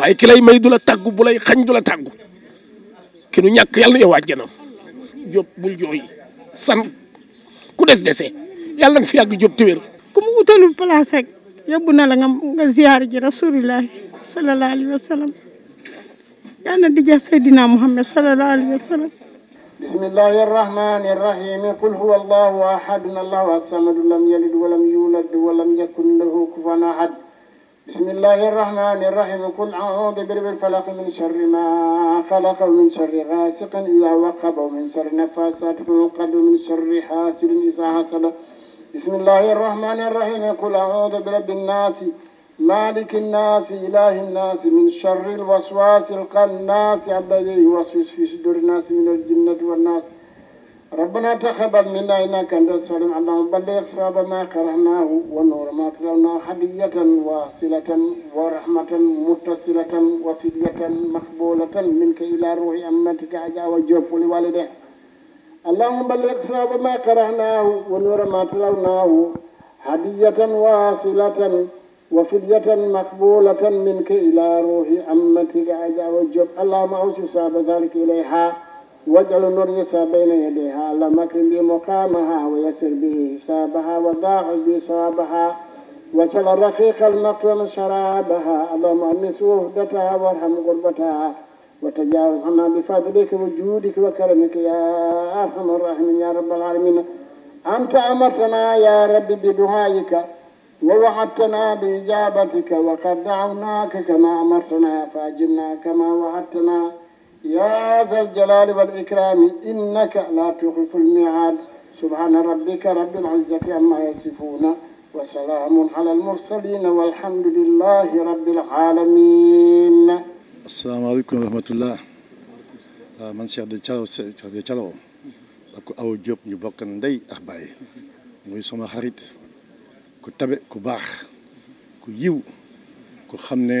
waye ki lay may dula taggu bulay xagn dula taggu ki nu ñak yalla na yow àjjanam Diop bul joy san ku dess dessé yalla nga fi yag job te ku mu wutalul place ak yobu na la nga nga ziar ji rasulillahi sallallahu alaihi wasallam sallam yàlla di jax sayidina Muhammad sallallahu alaihi wasallam بسم الله الرحمن الرحيم قل هو الله احد الله الصمد لم يلد ولم يولد ولم يكن له كفوا احد بسم الله الرحمن الرحيم قل أعوذ برب الفلق من شر ما خلق ومن شر غاسق إذا وقب ومن شر نفاسات فوقد ومن شر حاسد إذا حصل بسم الله الرحمن الرحيم قل أعوذ برب الناس مالك الناس إله الناس من شر الوسواس القناس الذي يوسوس في صدور الناس من الجنة والناس ربنا تقبل منا إنك أنت السميع اللهم بلغ صواب ما قرأناه ونور ما تلوناه هدية واصلة ورحمة متصلة وفدية مقبولة منك إلى روح أمتك أجا وجوف لوالده اللهم بلغ صواب ما قرأناه ونور ما تلوناه هدية واصلة وفدية مقبولة منك إلى روح أمتك أجا وجوف اللهم أوصي صواب ذلك إليها واجعل النور يسعى بين يديها اللهم اكرم بي مقامها ويسر به حسابها وضاعف بي صوابها وجعل الرقيق المقرن شرابها اللهم انس وحدتها وارحم غربتها وتجاوز عنا بفضلك وجودك وكرمك يا ارحم الراحمين يا رب العالمين انت امرتنا يا رب بدعائك ووعدتنا باجابتك وقد دعوناك كما امرتنا فاجبنا كما وعدتنا يا ذا الجلال والإكرام إنك لا تخلف الميعاد سبحان ربك رب العزة عما يصفون وسلام على المرسلين والحمد لله رب العالمين السلام عليكم ورحمة الله آه، من Cheikh de Thialaw Cheikh de Thialaw ak aw Diop ñu bokk ndey سما خريط muy sama xarit ku tabe ku baax ku yiw ku xam ne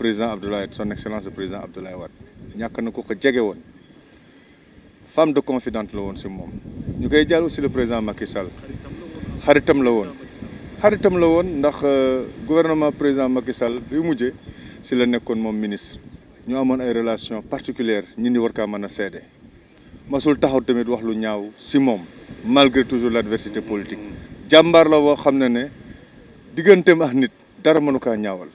président Abdoulaye son excellence le président Abdoulaye Wade ñak na ko ko jege femme de confidente la woon si moom ñu koy aussi le président Macky Sall xaritam la woon xaritam la woon ndax euh, gouvernement président Macky Sall bi mujjee ci la nekkoon mom ministre ñu amone ay relation particulière ñi ni war ka mëna cédé ma sul taxaw tamit wax lu ñaaw ci mom malgré toujours l'adversité politique jambar la bo xamné né ne ak nit dara mënu ka ñaawal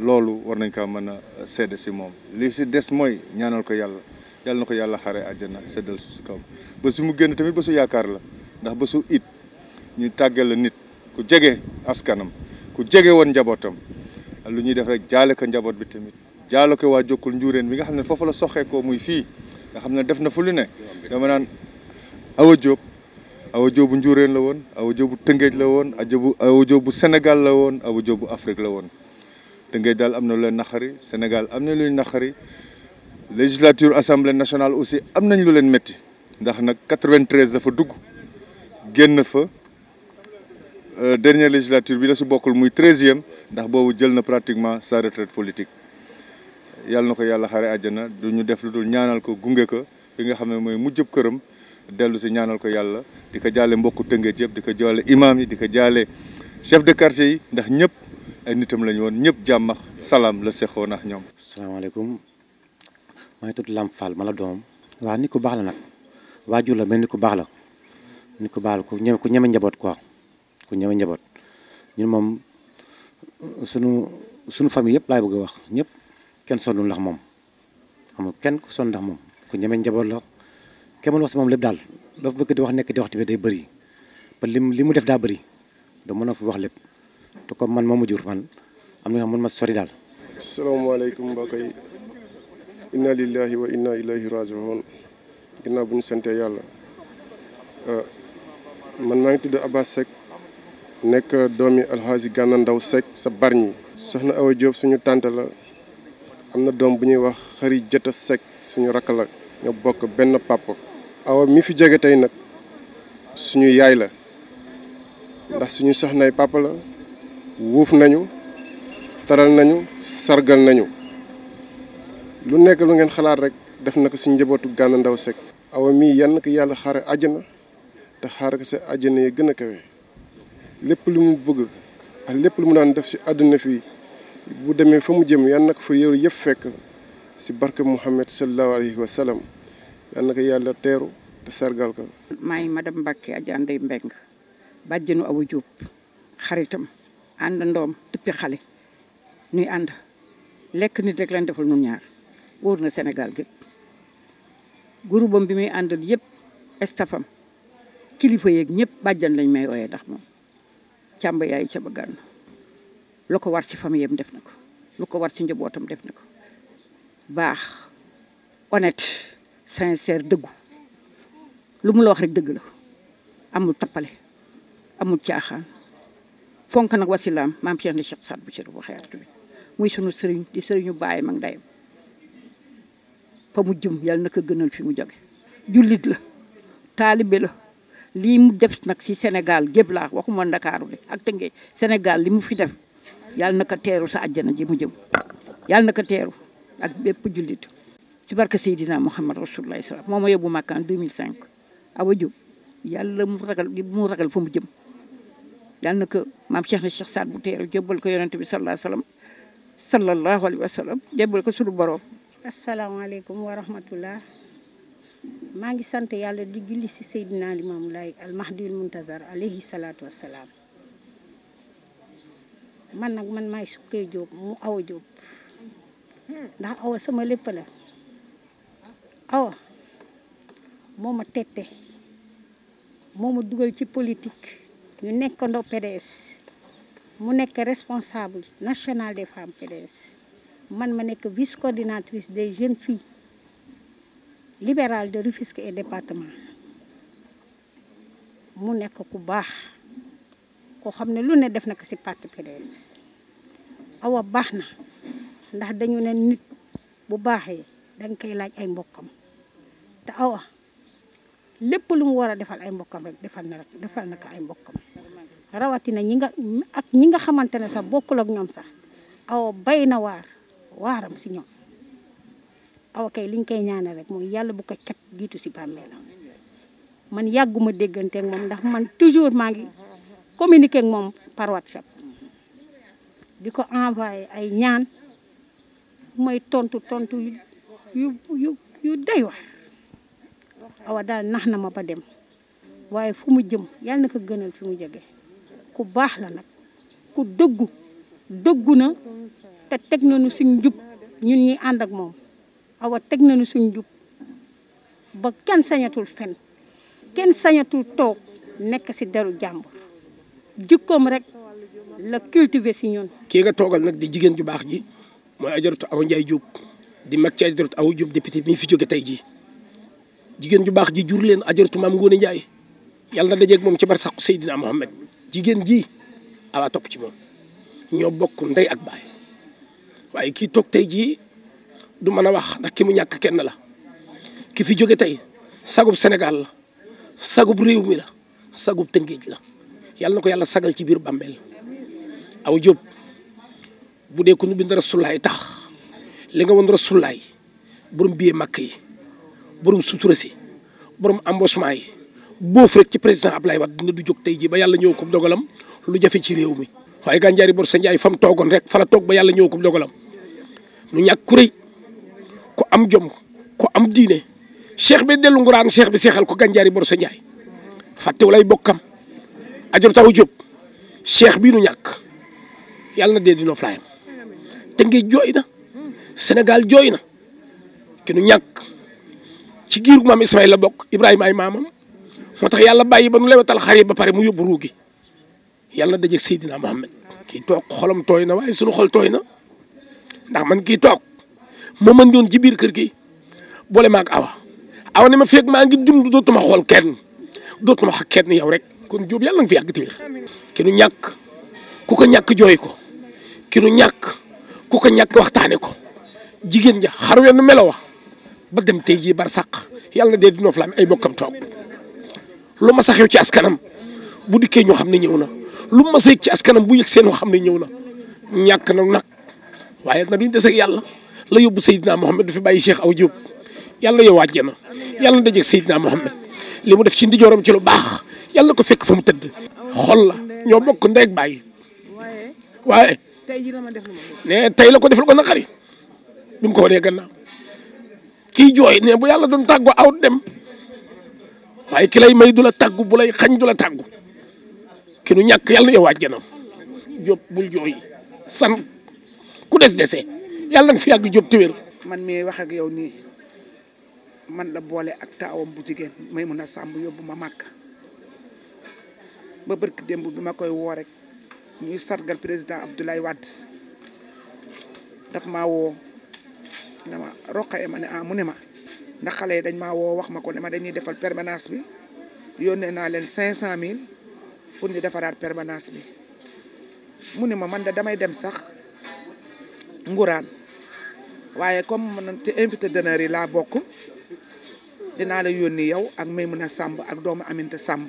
lolu war nañ ka mëna a ci euh, mom li ci dess moy ñaanal ko yalla yalla na yalla xaré aljana sédal seddal ci kaw ba su mu tamit ba su yaakar la ndax ba su it ñu taggal la nit ku jégué askanam ku jégué won njabootam lu ñuy def rek jaalé ko njaboot bi tamit jaalé ko wa jokul njuureen mi nga xam fofu la soxé ko muy fi nga xam def na fu lu ne dama naan awa job awa la won awa la won awa senegal la won awa afrique la won Dengay dal amna lu nakhari senegal amna lu nakhari legislature assemblée nationale aussi amnañ lu len metti ndax nak 93 dafa dugg genn fa euh, dernière législature bi la su bokul muy 13e ndax bobu jël na pratiquement sa retraite politique yalla nako yalla xari aljana duñu def lu ñaanal ko gungé ko fi nga xamné moy mujjub kërëm delu ci ñaanal ko yalla diko jalle mbokku di jalle imam yi di jalle chef de quartier yi ndax ñëpp ay nitam lañu woon ñëpp jàmm ak salaam la seqoon ak ñoom. salaamaaleykum maa ngi tudd Lamp Fall ma la doom waa nit ku baax la nag waajur la mais nit ku baax la nit ku baax la ku ñeme ñeme njaboot ko ku ñeme njaboot ñun moom sunu sunu famille yëpp laay bëgg a wax ñëpp kenn sonnul ndax moom amul kenn ku sonn ndax moom ku ñeme njaboot la kenn mën wax si moom lépp daal loo bëgg di wax nekk di wax tamit day bëri ba li mu def daa bëri da mën a fi wax lépp. te comme man moomu jur man am na yoo xam man ma sori daal. asalaamaaleykum mbokk yi inna lillahi wa inna ilayhi rajiun ginnaaw bu ñu santee yàlla euh, man maa ngi tudd Abbas Seck nekk doomi alxaaji Gana Ndaw Seck sa Bargny soxna Awa Diop suñu tante la am na doom bu ñuy wax xari jota Seck suñu rakk la ñoo bokk benn papa awa mi fi jóge tey nag suñu yaay la ndax suñu soxnay papa la wuuf nañu taral nañu sargal nañu lu nekk lu ngeen xalaat rek def na ko ci njabootu Gana Ndaw Seck awa mii yann ko yàlla xaare àjjana te xaare ko sa àjjana yi gën a kawe lépp lu mu bëgg lépp lu mu daan def ci àdduna fii bu demee fa mu jëm yal na ko fa yow yëpp fekk ci barke Muhammad sallallahu alayhi wa sallam na ko yàlla teeru te sargal ko. maay madame Mbacke Adja Ndeye Mbeng bàjjenu Awa Diop xaritam. ànd ndoom xale ñuy ànd lekk nit rek leen defal nun ñaar wóor na Sénégal gépp groupam bi muy àndal yëpp stafam kilifa yeeg ñëpp bàjjan lañ may ooyee ndax moom càmb yaay ca ba gànn lu ko war ci famiyam def na ko lu ko war ci njabootam def na ko baax honnête sincère dëggu lu mu la wax rek dëgg la amul tappale amul caaxaan fonk nag wasilaam maam Cheikh ni Cheikh Saad bu Cheikh bu xeertu bi muy sunu sëriñ di sëriñu bàyyi mag ndeyam fa mu jëm yàlla na ko gënal fi mu joge jullit la taalibe la lii mu def nag si Sénégal gépp laa waxuma Ndakaaru de ak Tëngéej Sénégal li mu fi def yàlla na ko teeru sa àjjana ji mu jëm yàlla na ko teeru ak bépp jullit ci barke Seydina Muhammad Rasulullah sallallahu alayhi wasallam moo ma yóbbu Makkaan 2005 Awa Diop yàlla mu ragal mu ragal fa mu jëm yal na ko maam Cheikh na Cheikh Saad bu teeru jébbal ko yonent bi sallallahu wa sallam sallallahu wa ko suñu borom. asalaamaaleykum wa rahmatullah maa ngi sant yàlla di julli si Seydina Limaamu Laay al Mahdil Muntazar alayhi salaatu wa salaam man nag man maay sukkee Jóob mu awa Jóob ndax awa sama lépp la awa moo ma tette moo ma dugal ci politique. ñu nekk nekkandoo PDS mu nekk responsable nationale des femmes PDS man ma nekk vice coordinatrice des jeunes filles libérales de Rufisque et département mu nekk ku baax koo xam ne lu ne def na ko si parti PDS awa baax na ndax dañu ne nit bu baaxee danga koy laaj ay mbokkam te awa lépp lu mu war a defal ay mbokkam rek defal na defal na ko ay mbokkam rawatina ñi nga ak ñi nga xamante ne sax bokkul sax aw bayna na waram si ñom aw kay liñ kay ñaanal rek moy yalla bu ko cat si bàmmeelam man yaguma deggante ak mom ndax man toujours ma ngi communiquer ak mom par whatsapp Diko envoyer ay ñaan moy tontu tontu yu yu yu day wax awa dal nax ma ba dem waye fu jëm yalla naka gënal fi mu ku bax la nak ku deggu deggu na te tek nañu suñu njub ñun ñi and ak mom awa tek nañu suñu njub ba kenn sañatul fen kenn sañatul tok nek ci deru jàmbur jikkom rek la cultiver ci ñun ki nga togal nak di jigen ju bax ji moy ajaratu aw njaay jub di mak ci aw awa di petit mi fi joge tay ji jigen ju bax ji jur leen ajaratu mam ngone njaay yalla na dajeeg ci bar saqu sayidina muhammad jigen ji awa top ci mom ño bokku nday ak baay waye ki tok tay ji du mën a wax ndax ki mu ñak kenn la ki fi joge tay sagub senegal la sagub rew mi la sagub tengej la yalla nako yalla sagal ci bir bambel aw job bu dee ko ñu bind rasulullah tax li nga won rasulullah burum biye makki burum suturasi burum boof rek ci président Ablaye Wade dina du jog tey jii ba yàlla ñëw ko dogalam lu jafe ci réew mi waaye Gandiaye Borse Ndiaye fa mu toogoon rek fa la toog ba yàlla ñëw ko dogalam nu ñàkk ku rëy ku am jom ku am diine cheikh bi dellu nguraan cheikh bi seexal ko Gandiaye Borse Ndiaye fàttewul ay bokk ajor taw jóg cheikh bii nu ñàkk yàlla na dee di laayam te ngi jooy na Sénégal jooy na ki nu ñàkk ci giiru maam Ismaïla la bokk Ibrahima ay maamam motax yalla bayyi ba nu lewetal xar ba pare mu yob ruugi yalla dajje sayidina muhammad ki tok xolam toy na way sunu xol toy na ndax man ki tok mo man ñoon ci biir kër gi boole mak awa awa ni ma fek ma ngi dund dootuma xol kenn dootuma xak kenn yow rek kon Diop yalla nga fi yag te ki nu ñak ku ko ñak joy ko ki nu ñak ku ko ñak waxtane ko jigen ja xaru wenn melo wa ba dem tay ji bar sax yalla de dee dinoof ay bokkam tok lu ma sa xew ci askanam bu dikkee ñu xamni ñewna lu ma sey ci askanam bu yëg seenoo xamni ñewna ñak na nak waye nag waaye na duñ deseeg yàlla la yobbu sayyidina muhammad fi baye Cheikh Aw Diop yow wajje na yalla dajje sayyidina muhammad limu def ci ci lu bax yalla ko fekk fu mu tedd xol la ñoo bokk ne tay la ko defal ko naqari bi ko wone gannaaw ki joy ne bu yalla doon taggo aw dem waaye ki lay may du la tàggu bu lay xañ du la tàggu ki nu ñàkk yàlla na yow àjjanam Diop bul jooy san ku des dese yàlla nga fi yàgg job téwér man mi wax ak yow nii man la boole ak taawam bu jigéen may mun a sàmb yóbbu ma màkk ba bërk démb bi ma koy woo rek ñuy sargal président Abdoulaye Wade daf ma woo ne ma roqee ma ne ah mu ma ndax xalé dañ ma wo wax mako ko ne ma dañuy defal permanence bi yónnee na len 500000 pour ñu defaraat permanence bi mune ma man da damay dem sax nguran waaye comme man ci invité d'honneur yi laa bokk la yónni yow ak Maymuna Samb ak doomu Aminta Samb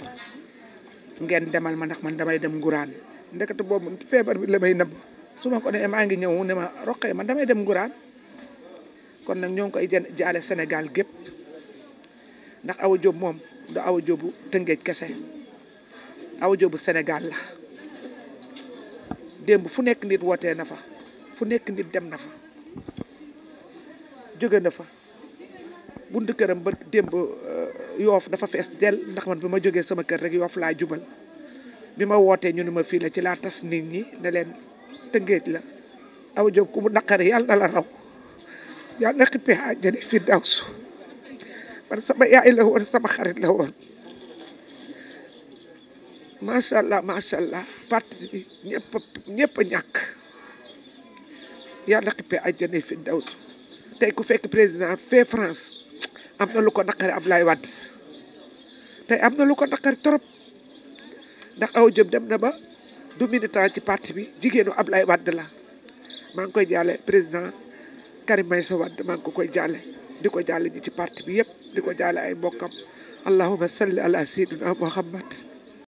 ngeen demal ma ndax man damay dem nguran. ndekete bobu feebar bi lamay may suma ko nee ma ngi ñëw ne ma man damay dem nguran. kon nag ñoo ngi koy jaale Sénégal gépp ndax Awa Diop moom du Awa Diop bu Tëngéej kese Awa Diop bu Sénégal la démb fu nekk nit wootee na fa fu nekk nit dem na fa jóge na fa buntu këram ba démb euh, yoof dafa fees dell ndax man bi ma jógee sama kër rek yoof laa jubal bi ma wootee ñu ne ma fii la ci laa tas nit ñi ne leen Tëngéej la Awa Diop ku mu naqari yàlla na la raw yàlla na xippee àjjana firdawsu parce que sama yaay la woon sama xarit la woon macha allah macha allah parti bi ñëpp ñëpp a ñàkk yàlla na xippee àjjana firdawsu tey ku fekk président fee France am na lu ko naqari Ablaye Wade tey am na lu ko naqari trop ndax aw jëm dem na ba du militant ci parti bi jigéenu Ablaye Wade la maa ngi koy jaale président. Karim Meïssa Wade maa ngi ko koy jaale di ko jaale ñi parti bi yëpp di ko jaale ay mbokkam allahuma salli ala sayyidina muhammad